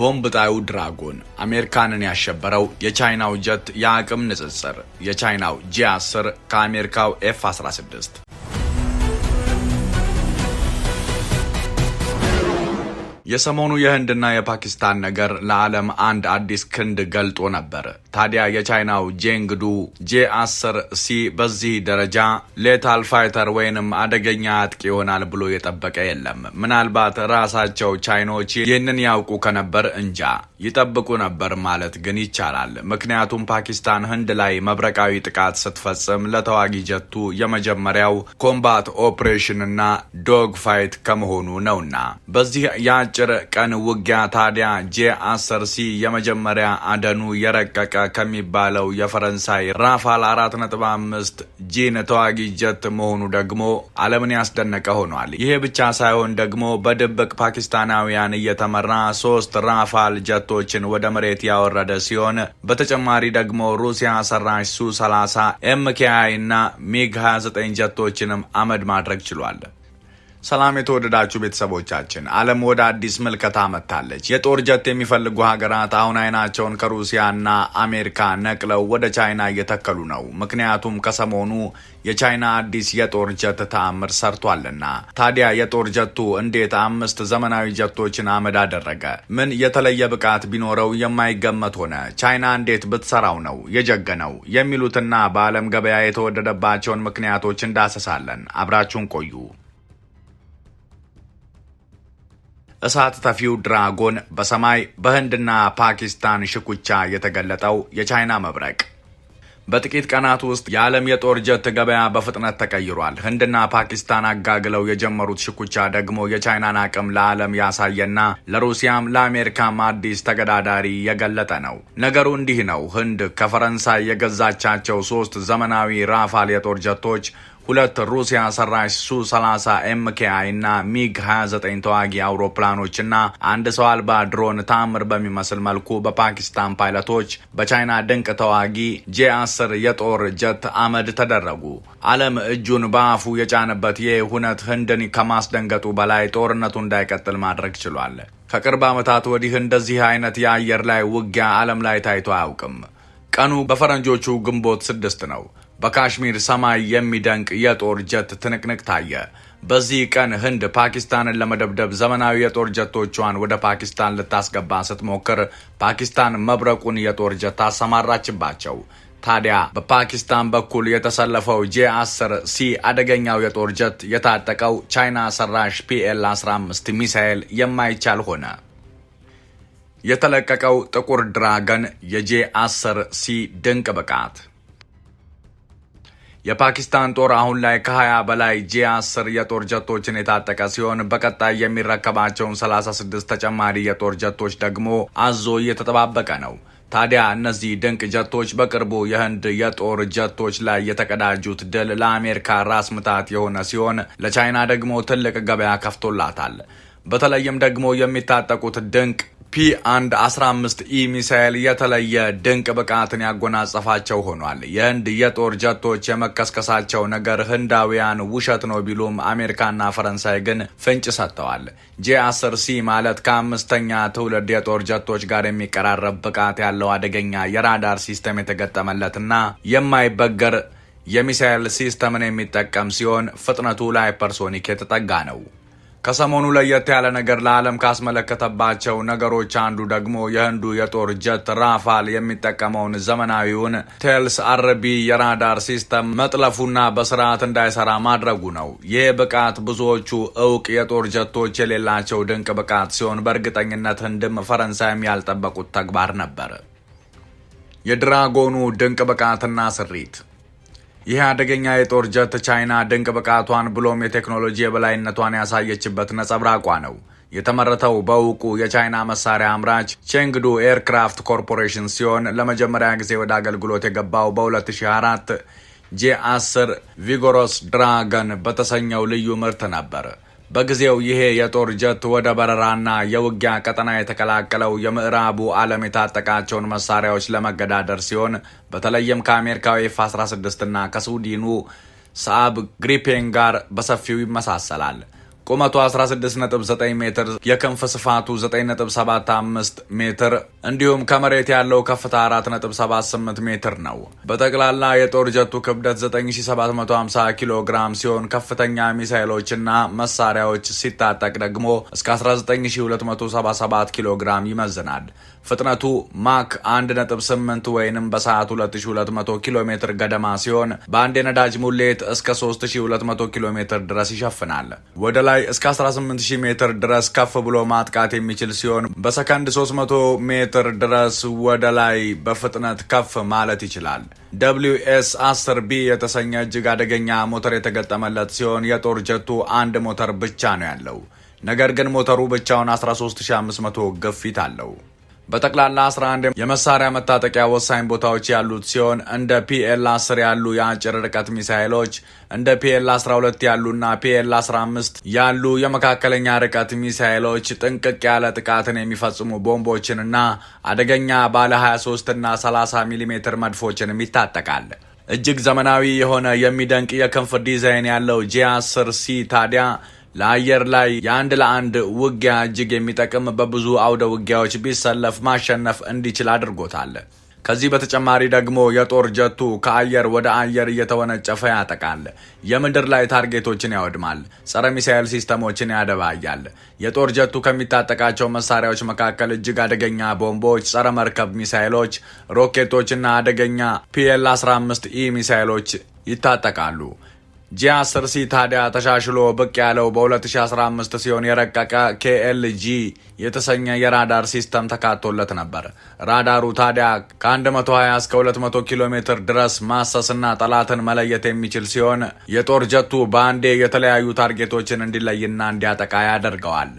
ቦምብ ጣዩ ድራጎን አሜሪካንን ያሸበረው የቻይናው ጀት የአቅም ንጽጽር የቻይናው ጂ10 ከአሜሪካው ኤፍ 16 የሰሞኑ የህንድና የፓኪስታን ነገር ለዓለም አንድ አዲስ ክንድ ገልጦ ነበር። ታዲያ የቻይናው ጄንግዱ ጄ አስር ሲ በዚህ ደረጃ ሌታል ፋይተር ወይንም አደገኛ አጥቂ ይሆናል ብሎ የጠበቀ የለም። ምናልባት ራሳቸው ቻይኖች ይህንን ያውቁ ከነበር እንጃ ይጠብቁ ነበር ማለት ግን ይቻላል። ምክንያቱም ፓኪስታን ህንድ ላይ መብረቃዊ ጥቃት ስትፈጽም ለተዋጊ ጀቱ የመጀመሪያው ኮምባት ኦፕሬሽንና ዶግ ፋይት ከመሆኑ ነውና በዚህ የአጭር ቀን ውጊያ ታዲያ ጄ አስር ሲ የመጀመሪያ አደኑ የረቀቀ ከሚባለው የፈረንሳይ ራፋል አራት ነጥብ አምስት ጂን ተዋጊ ጀት መሆኑ ደግሞ ዓለምን ያስደነቀ ሆኗል። ይሄ ብቻ ሳይሆን ደግሞ በድብቅ ፓኪስታናውያን እየተመራ ሶስት ራፋል ጀቶችን ወደ መሬት ያወረደ ሲሆን በተጨማሪ ደግሞ ሩሲያ ሰራሽ ሱ 30 ኤምኬአይ እና ሚግ 29 ጀቶችንም አመድ ማድረግ ችሏል። ሰላም የተወደዳችሁ ቤተሰቦቻችን፣ ዓለም ወደ አዲስ ምልከታ መጥታለች። የጦር ጀት የሚፈልጉ ሀገራት አሁን አይናቸውን ከሩሲያና አሜሪካ ነቅለው ወደ ቻይና እየተከሉ ነው። ምክንያቱም ከሰሞኑ የቻይና አዲስ የጦር ጀት ተአምር ሰርቷልና። ታዲያ የጦር ጀቱ እንዴት አምስት ዘመናዊ ጀቶችን አመድ አደረገ? ምን የተለየ ብቃት ቢኖረው የማይገመት ሆነ? ቻይና እንዴት ብትሰራው ነው የጀገነው? የሚሉትና በዓለም ገበያ የተወደደባቸውን ምክንያቶች እንዳሰሳለን። አብራችሁን ቆዩ። እሳት ተፊው ድራጎን በሰማይ በህንድና ፓኪስታን ሽኩቻ የተገለጠው የቻይና መብረቅ በጥቂት ቀናት ውስጥ የዓለም የጦር ጀት ገበያ በፍጥነት ተቀይሯል። ህንድና ፓኪስታን አጋግለው የጀመሩት ሽኩቻ ደግሞ የቻይናን አቅም ለዓለም ያሳየና ለሩሲያም ለአሜሪካም አዲስ ተገዳዳሪ የገለጠ ነው። ነገሩ እንዲህ ነው። ህንድ ከፈረንሳይ የገዛቻቸው ሶስት ዘመናዊ ራፋል የጦር ጀቶች ሁለት ሩሲያ ሰራሽ ሱ 30 ኤምኬአይ እና ሚግ 29 ተዋጊ አውሮፕላኖች እና አንድ ሰው አልባ ድሮን ታምር በሚመስል መልኩ በፓኪስታን ፓይለቶች በቻይና ድንቅ ተዋጊ ጄ 10 የጦር ጀት አመድ ተደረጉ። ዓለም እጁን በአፉ የጫነበት ይህ ሁነት ህንድን ከማስደንገጡ በላይ ጦርነቱ እንዳይቀጥል ማድረግ ችሏል። ከቅርብ ዓመታት ወዲህ እንደዚህ አይነት የአየር ላይ ውጊያ ዓለም ላይ ታይቶ አያውቅም። ቀኑ በፈረንጆቹ ግንቦት ስድስት ነው። በካሽሚር ሰማይ የሚደንቅ የጦር ጀት ትንቅንቅ ታየ። በዚህ ቀን ህንድ ፓኪስታንን ለመደብደብ ዘመናዊ የጦር ጀቶቿን ወደ ፓኪስታን ልታስገባ ስትሞክር ፓኪስታን መብረቁን የጦር ጀት አሰማራችባቸው። ታዲያ በፓኪስታን በኩል የተሰለፈው ጄ 10 ሲ አደገኛው የጦር ጀት የታጠቀው ቻይና ሰራሽ ፒኤል 15 ሚሳኤል የማይቻል ሆነ። የተለቀቀው ጥቁር ድራገን የጄ አስር ሲ ድንቅ ብቃት የፓኪስታን ጦር አሁን ላይ ከ20 በላይ ጂ አስር የጦር ጀቶችን የታጠቀ ሲሆን በቀጣይ የሚረከባቸውን 36 ተጨማሪ የጦር ጀቶች ደግሞ አዞ እየተጠባበቀ ነው። ታዲያ እነዚህ ድንቅ ጀቶች በቅርቡ የህንድ የጦር ጀቶች ላይ የተቀዳጁት ድል ለአሜሪካ ራስ ምታት የሆነ ሲሆን ለቻይና ደግሞ ትልቅ ገበያ ከፍቶላታል። በተለይም ደግሞ የሚታጠቁት ድንቅ ፒ አንድ 15 ኢ ሚሳኤል የተለየ ድንቅ ብቃትን ያጎናጸፋቸው ሆኗል። የህንድ የጦር ጀቶች የመከስከሳቸው ነገር ህንዳውያን ውሸት ነው ቢሉም አሜሪካና ፈረንሳይ ግን ፍንጭ ሰጥተዋል። ጄ 10 ሲ ማለት ከአምስተኛ ትውልድ የጦር ጀቶች ጋር የሚቀራረብ ብቃት ያለው አደገኛ የራዳር ሲስተም የተገጠመለትና የማይበገር የሚሳኤል ሲስተምን የሚጠቀም ሲሆን ፍጥነቱ ለሃይፐርሶኒክ የተጠጋ ነው። ከሰሞኑ ለየት ያለ ነገር ለዓለም ካስመለከተባቸው ነገሮች አንዱ ደግሞ የህንዱ የጦር ጀት ራፋል የሚጠቀመውን ዘመናዊውን ቴልስ አርቢ የራዳር ሲስተም መጥለፉና በስርዓት እንዳይሰራ ማድረጉ ነው። ይህ ብቃት ብዙዎቹ እውቅ የጦር ጀቶች የሌላቸው ድንቅ ብቃት ሲሆን በእርግጠኝነት ህንድም ፈረንሳይም ያልጠበቁት ተግባር ነበር። የድራጎኑ ድንቅ ብቃትና ስሪት ይህ አደገኛ የጦር ጀት ቻይና ድንቅ ብቃቷን ብሎም የቴክኖሎጂ የበላይነቷን ያሳየችበት ነጸብራቋ ነው። የተመረተው በእውቁ የቻይና መሳሪያ አምራች ቼንግዱ ኤርክራፍት ኮርፖሬሽን ሲሆን ለመጀመሪያ ጊዜ ወደ አገልግሎት የገባው በ2004 ጄ10 ቪጎሮስ ድራገን በተሰኘው ልዩ ምርት ነበር። በጊዜው ይሄ የጦር ጀት ወደ በረራና የውጊያ ቀጠና የተቀላቀለው የምዕራቡ ዓለም የታጠቃቸውን መሳሪያዎች ለመገዳደር ሲሆን በተለይም ከአሜሪካዊ ኤፍ 16ና ከስዊድኑ ሳአብ ግሪፔን ጋር በሰፊው ይመሳሰላል። ቁመቱ 169 ሜትር፣ የክንፍ ስፋቱ 975 ሜትር እንዲሁም ከመሬት ያለው ከፍታ 478 ሜትር ነው። በጠቅላላ የጦር ጀቱ ክብደት 9750 ኪሎ ግራም ሲሆን ከፍተኛ ሚሳይሎችና መሳሪያዎች ሲታጠቅ ደግሞ እስከ 19277 ኪሎ ግራም ይመዝናል። ፍጥነቱ ማክ 1.8 ወይንም በሰዓት 2200 ኪሎ ሜትር ገደማ ሲሆን በአንድ የነዳጅ ሙሌት እስከ 3200 ኪሎ ሜትር ድረስ ይሸፍናል። ወደ ላይ እስከ 18000 ሜትር ድረስ ከፍ ብሎ ማጥቃት የሚችል ሲሆን በሰከንድ 300 ሜትር ድረስ ወደ ላይ በፍጥነት ከፍ ማለት ይችላል። ደብሊው 10 ቢ የተሰኘ እጅግ አደገኛ ሞተር የተገጠመለት ሲሆን የጦር ጀቱ አንድ ሞተር ብቻ ነው ያለው። ነገር ግን ሞተሩ ብቻውን 13500 ግፊት አለው። በጠቅላላ 11 የመሳሪያ መታጠቂያ ወሳኝ ቦታዎች ያሉት ሲሆን እንደ ፒኤል 10 ያሉ የአጭር ርቀት ሚሳይሎች እንደ ፒኤል 12 ያሉና ፒኤል 15 ያሉ የመካከለኛ ርቀት ሚሳይሎች ጥንቅቅ ያለ ጥቃትን የሚፈጽሙ ቦምቦችንና አደገኛ ባለ 23 እና 30 ሚሜ መድፎችንም ይታጠቃል። እጅግ ዘመናዊ የሆነ የሚደንቅ የክንፍ ዲዛይን ያለው ጂ10 ሲ ታዲያ ለአየር ላይ የአንድ ለአንድ ውጊያ እጅግ የሚጠቅም በብዙ አውደ ውጊያዎች ቢሰለፍ ማሸነፍ እንዲችል አድርጎታል። ከዚህ በተጨማሪ ደግሞ የጦር ጀቱ ከአየር ወደ አየር እየተወነጨፈ ያጠቃል። የምድር ላይ ታርጌቶችን ያወድማል። ጸረ ሚሳኤል ሲስተሞችን ያደባያል። የጦር ጀቱ ከሚታጠቃቸው መሳሪያዎች መካከል እጅግ አደገኛ ቦምቦች፣ ጸረ መርከብ ሚሳይሎች፣ ሮኬቶችና አደገኛ ፒኤል 15 ኢ ሚሳይሎች ይታጠቃሉ። ጂ10 ሲ ታዲያ ተሻሽሎ ብቅ ያለው በ2015 ሲሆን የረቀቀ ኬኤልጂ የተሰኘ የራዳር ሲስተም ተካቶለት ነበር። ራዳሩ ታዲያ ከ120 እስከ 200 ኪሎ ሜትር ድረስ ማሰስና ጠላትን መለየት የሚችል ሲሆን የጦር ጀቱ በአንዴ የተለያዩ ታርጌቶችን እንዲለይና እንዲያጠቃ ያደርገዋል።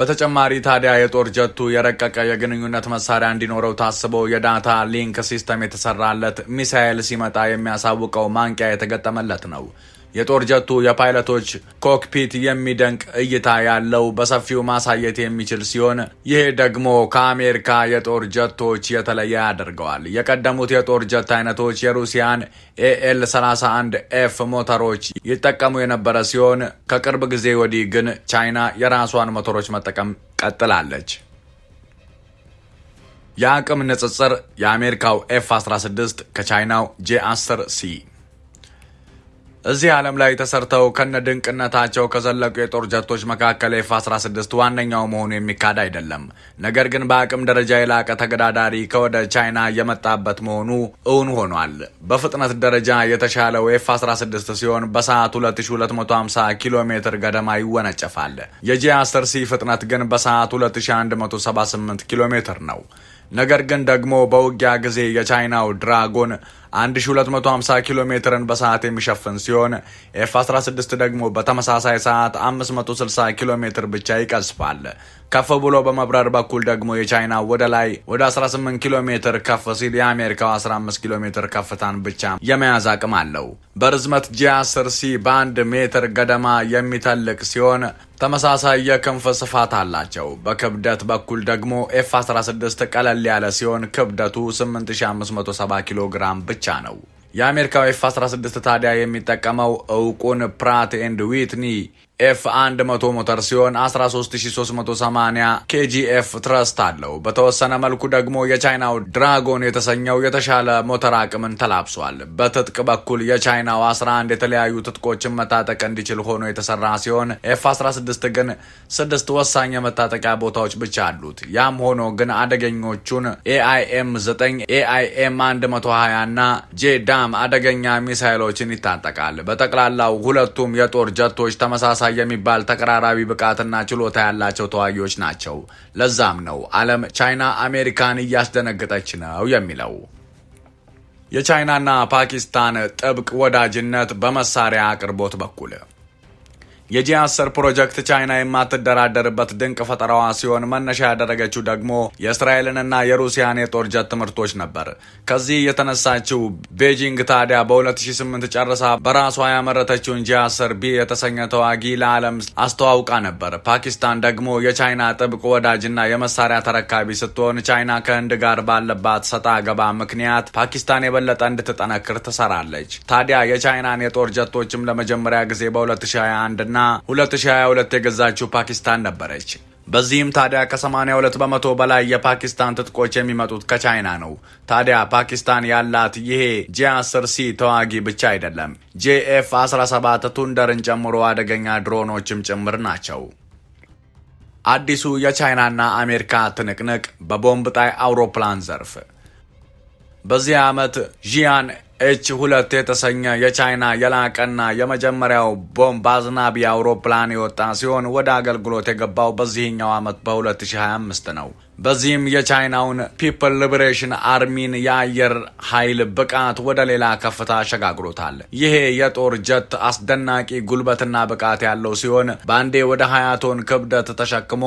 በተጨማሪ ታዲያ የጦር ጀቱ የረቀቀ የግንኙነት መሳሪያ እንዲኖረው ታስቦ የዳታ ሊንክ ሲስተም የተሰራለት ሚሳኤል ሲመጣ የሚያሳውቀው ማንቂያ የተገጠመለት ነው። የጦር ጀቱ የፓይለቶች ኮክፒት የሚደንቅ እይታ ያለው በሰፊው ማሳየት የሚችል ሲሆን ይህ ደግሞ ከአሜሪካ የጦር ጀቶች የተለየ ያደርገዋል። የቀደሙት የጦር ጀት አይነቶች የሩሲያን ኤኤል 31 ኤፍ ሞተሮች ይጠቀሙ የነበረ ሲሆን ከቅርብ ጊዜ ወዲህ ግን ቻይና የራሷን ሞተሮች መጠቀም ቀጥላለች። የአቅም ንጽጽር የአሜሪካው ኤፍ 16 ከቻይናው ጄ10 ሲ እዚህ ዓለም ላይ ተሰርተው ከነ ድንቅነታቸው ከዘለቁ የጦር ጀቶች መካከል ኤፍ 16 ዋነኛው መሆኑ የሚካድ አይደለም። ነገር ግን በአቅም ደረጃ የላቀ ተገዳዳሪ ከወደ ቻይና የመጣበት መሆኑ እውን ሆኗል። በፍጥነት ደረጃ የተሻለው ኤፍ 16 ሲሆን በሰዓት 2250 ኪሎ ሜትር ገደማ ይወነጨፋል። የጂ 10 ሲ ፍጥነት ግን በሰዓት 2178 ኪሎ ሜትር ነው። ነገር ግን ደግሞ በውጊያ ጊዜ የቻይናው ድራጎን 1250 ኪሎ ሜትርን በሰዓት የሚሸፍን ሲሆን ኤፍ 16 ደግሞ በተመሳሳይ ሰዓት 560 ኪሎ ሜትር ብቻ ይቀዝፋል። ከፍ ብሎ በመብረር በኩል ደግሞ የቻይና ወደ ላይ ወደ 18 ኪሎ ሜትር ከፍ ሲል የአሜሪካው 15 ኪሎ ሜትር ከፍታን ብቻ የመያዝ አቅም አለው። በርዝመት ጂ 10 ሲ በአንድ ሜትር ገደማ የሚተልቅ ሲሆን ተመሳሳይ የክንፍ ስፋት አላቸው። በክብደት በኩል ደግሞ ኤፍ 16 ቀለል ያለ ሲሆን ክብደቱ 8570 ኪሎ ግራም ብቻ ብቻ ነው። የአሜሪካው ኤፍ 16 ታዲያ የሚጠቀመው እውቁን ፕራት ኤንድ ዊትኒ ኤፍ 100 ሞተር ሲሆን 13380 ኬጂኤፍ ትረስት አለው። በተወሰነ መልኩ ደግሞ የቻይናው ድራጎን የተሰኘው የተሻለ ሞተር አቅምን ተላብሷል። በትጥቅ በኩል የቻይናው 11 የተለያዩ ትጥቆችን መታጠቅ እንዲችል ሆኖ የተሰራ ሲሆን ኤፍ 16 ግን ስድስት ወሳኝ የመታጠቂያ ቦታዎች ብቻ አሉት። ያም ሆኖ ግን አደገኞቹን ኤአይኤም 9 ኤአይኤም 120 እና ጄዳም አደገኛ ሚሳይሎችን ይታጠቃል። በጠቅላላው ሁለቱም የጦር ጀቶች ተመሳሳይ ተመሳሳይ የሚባል ተቀራራቢ ብቃትና ችሎታ ያላቸው ተዋጊዎች ናቸው። ለዛም ነው ዓለም ቻይና አሜሪካን እያስደነገጠች ነው የሚለው። የቻይናና ፓኪስታን ጥብቅ ወዳጅነት በመሳሪያ አቅርቦት በኩል የጂ አስር ፕሮጀክት ቻይና የማትደራደርበት ድንቅ ፈጠራዋ ሲሆን መነሻ ያደረገችው ደግሞ የእስራኤልንና የሩሲያን የጦር ጀት ትምህርቶች ነበር። ከዚህ የተነሳችው ቤጂንግ ታዲያ በ2008 ጨርሳ በራሷ ያመረተችውን ጂ አስር ቢ የተሰኘ ተዋጊ ለዓለም አስተዋውቃ ነበር። ፓኪስታን ደግሞ የቻይና ጥብቅ ወዳጅና የመሳሪያ ተረካቢ ስትሆን ቻይና ከህንድ ጋር ባለባት ሰጣ ገባ ምክንያት ፓኪስታን የበለጠ እንድትጠነክር ትሰራለች። ታዲያ የቻይናን የጦር ጀቶችም ለመጀመሪያ ጊዜ በ2021 ና 2022 የገዛችው ፓኪስታን ነበረች። በዚህም ታዲያ ከ82 በመቶ በላይ የፓኪስታን ትጥቆች የሚመጡት ከቻይና ነው። ታዲያ ፓኪስታን ያላት ይሄ ጄ10 ሲ ተዋጊ ብቻ አይደለም፣ ጄኤፍ 17 ቱንደርን ጨምሮ አደገኛ ድሮኖችም ጭምር ናቸው። አዲሱ የቻይናና አሜሪካ ትንቅንቅ በቦምብ ጣይ አውሮፕላን ዘርፍ በዚህ ዓመት ዢያን ኤች ሁለት የተሰኘ የቻይና የላቀና የመጀመሪያው ቦምብ አዝናቢ አውሮፕላን የወጣ ሲሆን ወደ አገልግሎት የገባው በዚህኛው ዓመት በ2025 ነው። በዚህም የቻይናውን ፒፕል ሊበሬሽን አርሚን የአየር ኃይል ብቃት ወደ ሌላ ከፍታ አሸጋግሮታል። ይሄ የጦር ጀት አስደናቂ ጉልበትና ብቃት ያለው ሲሆን በአንዴ ወደ 20 ቶን ክብደት ተሸክሞ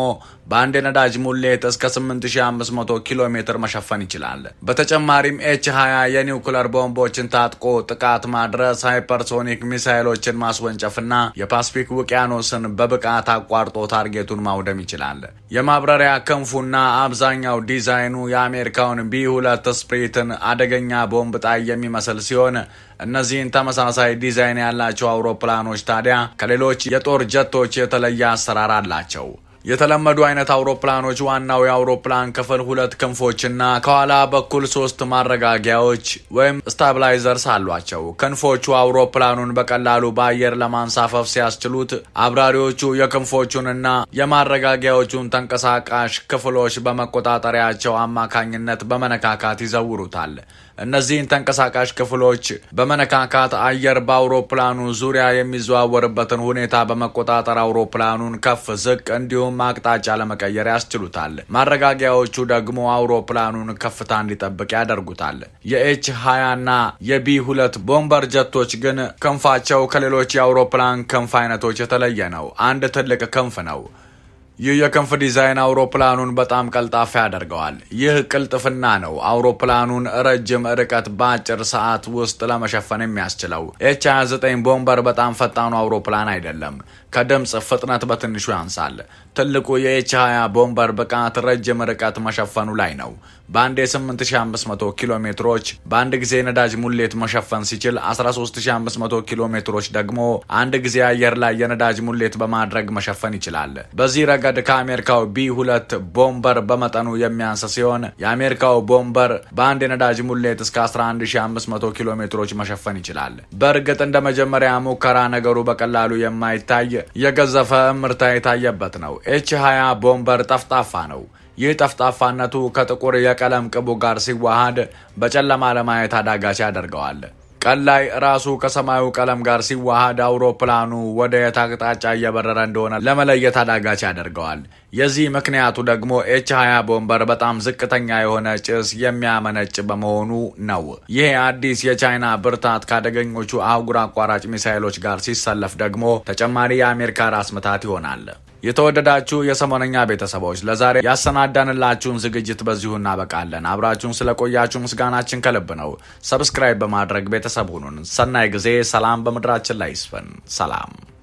በአንድ የነዳጅ ሙሌት እስከ 8500 ኪሎ ሜትር መሸፈን ይችላል። በተጨማሪም ኤች 20 የኒውክለር ቦምቦችን ታጥቆ ጥቃት ማድረስ፣ ሃይፐርሶኒክ ሚሳይሎችን ማስወንጨፍና የፓስፊክ ውቅያኖስን በብቃት አቋርጦ ታርጌቱን ማውደም ይችላል። የማብረሪያ ክንፉና አብዛኛው ዲዛይኑ የአሜሪካውን ቢ ሁለት ስፕሪትን አደገኛ ቦምብ ጣይ የሚመስል ሲሆን እነዚህን ተመሳሳይ ዲዛይን ያላቸው አውሮፕላኖች ታዲያ ከሌሎች የጦር ጀቶች የተለየ አሰራር አላቸው። የተለመዱ አይነት አውሮፕላኖች ዋናው የአውሮፕላን ክፍል ሁለት ክንፎችና ከኋላ በኩል ሶስት ማረጋጊያዎች ወይም ስታብላይዘርስ አሏቸው። ክንፎቹ አውሮፕላኑን በቀላሉ በአየር ለማንሳፈፍ ሲያስችሉት፣ አብራሪዎቹ የክንፎቹንና የማረጋጊያዎቹን ተንቀሳቃሽ ክፍሎች በመቆጣጠሪያቸው አማካኝነት በመነካካት ይዘውሩታል። እነዚህን ተንቀሳቃሽ ክፍሎች በመነካካት አየር በአውሮፕላኑ ዙሪያ የሚዘዋወርበትን ሁኔታ በመቆጣጠር አውሮፕላኑን ከፍ ዝቅ እንዲሁም አቅጣጫ ለመቀየር ያስችሉታል። ማረጋጊያዎቹ ደግሞ አውሮፕላኑን ከፍታ እንዲጠብቅ ያደርጉታል። የኤች 20 ና የቢ ሁለት ቦምበር ጀቶች ግን ክንፋቸው ከሌሎች የአውሮፕላን ክንፍ አይነቶች የተለየ ነው። አንድ ትልቅ ክንፍ ነው። ይህ የክንፍ ዲዛይን አውሮፕላኑን በጣም ቀልጣፋ ያደርገዋል። ይህ ቅልጥፍና ነው አውሮፕላኑን ረጅም ርቀት በአጭር ሰዓት ውስጥ ለመሸፈን የሚያስችለው። ኤች 29 ቦምበር በጣም ፈጣኑ አውሮፕላን አይደለም። ከድምፅ ፍጥነት በትንሹ ያንሳል። ትልቁ የኤች 20 ቦምበር ብቃት ረጅም ርቀት መሸፈኑ ላይ ነው። በአንድ የ8500 ኪሎ ሜትሮች በአንድ ጊዜ ነዳጅ ሙሌት መሸፈን ሲችል 13500 ኪሎ ሜትሮች ደግሞ አንድ ጊዜ አየር ላይ የነዳጅ ሙሌት በማድረግ መሸፈን ይችላል። በዚህ ረገድ ከአሜሪካው ቢ2 ቦምበር በመጠኑ የሚያንስ ሲሆን የአሜሪካው ቦምበር በአንድ የነዳጅ ሙሌት እስከ 11500 ኪሎ ሜትሮች መሸፈን ይችላል። በእርግጥ እንደ መጀመሪያ ሙከራ ነገሩ በቀላሉ የማይታይ የገዘፈ ምርታ የታየበት ነው። ኤች 20 ቦምበር ጠፍጣፋ ነው። ይህ ጠፍጣፋነቱ ከጥቁር የቀለም ቅቡ ጋር ሲዋሃድ በጨለማ ለማየት አዳጋች ያደርገዋል። ቀን ላይ ራሱ ከሰማዩ ቀለም ጋር ሲዋሃድ አውሮፕላኑ ወደ የት አቅጣጫ እየበረረ እንደሆነ ለመለየት አዳጋች ያደርገዋል። የዚህ ምክንያቱ ደግሞ ኤች 20 ቦምበር በጣም ዝቅተኛ የሆነ ጭስ የሚያመነጭ በመሆኑ ነው። ይሄ አዲስ የቻይና ብርታት ካደገኞቹ አህጉር አቋራጭ ሚሳይሎች ጋር ሲሰለፍ ደግሞ ተጨማሪ የአሜሪካ ራስ ምታት ይሆናል። የተወደዳችሁ የሰሞነኛ ቤተሰቦች ለዛሬ ያሰናዳንላችሁን ዝግጅት በዚሁ እናበቃለን። አብራችሁን ስለቆያችሁ ምስጋናችን ከልብ ነው። ሰብስክራይብ በማድረግ ቤተሰብ ሁኑን። ሰናይ ጊዜ። ሰላም በምድራችን ላይ ይስፈን። ሰላም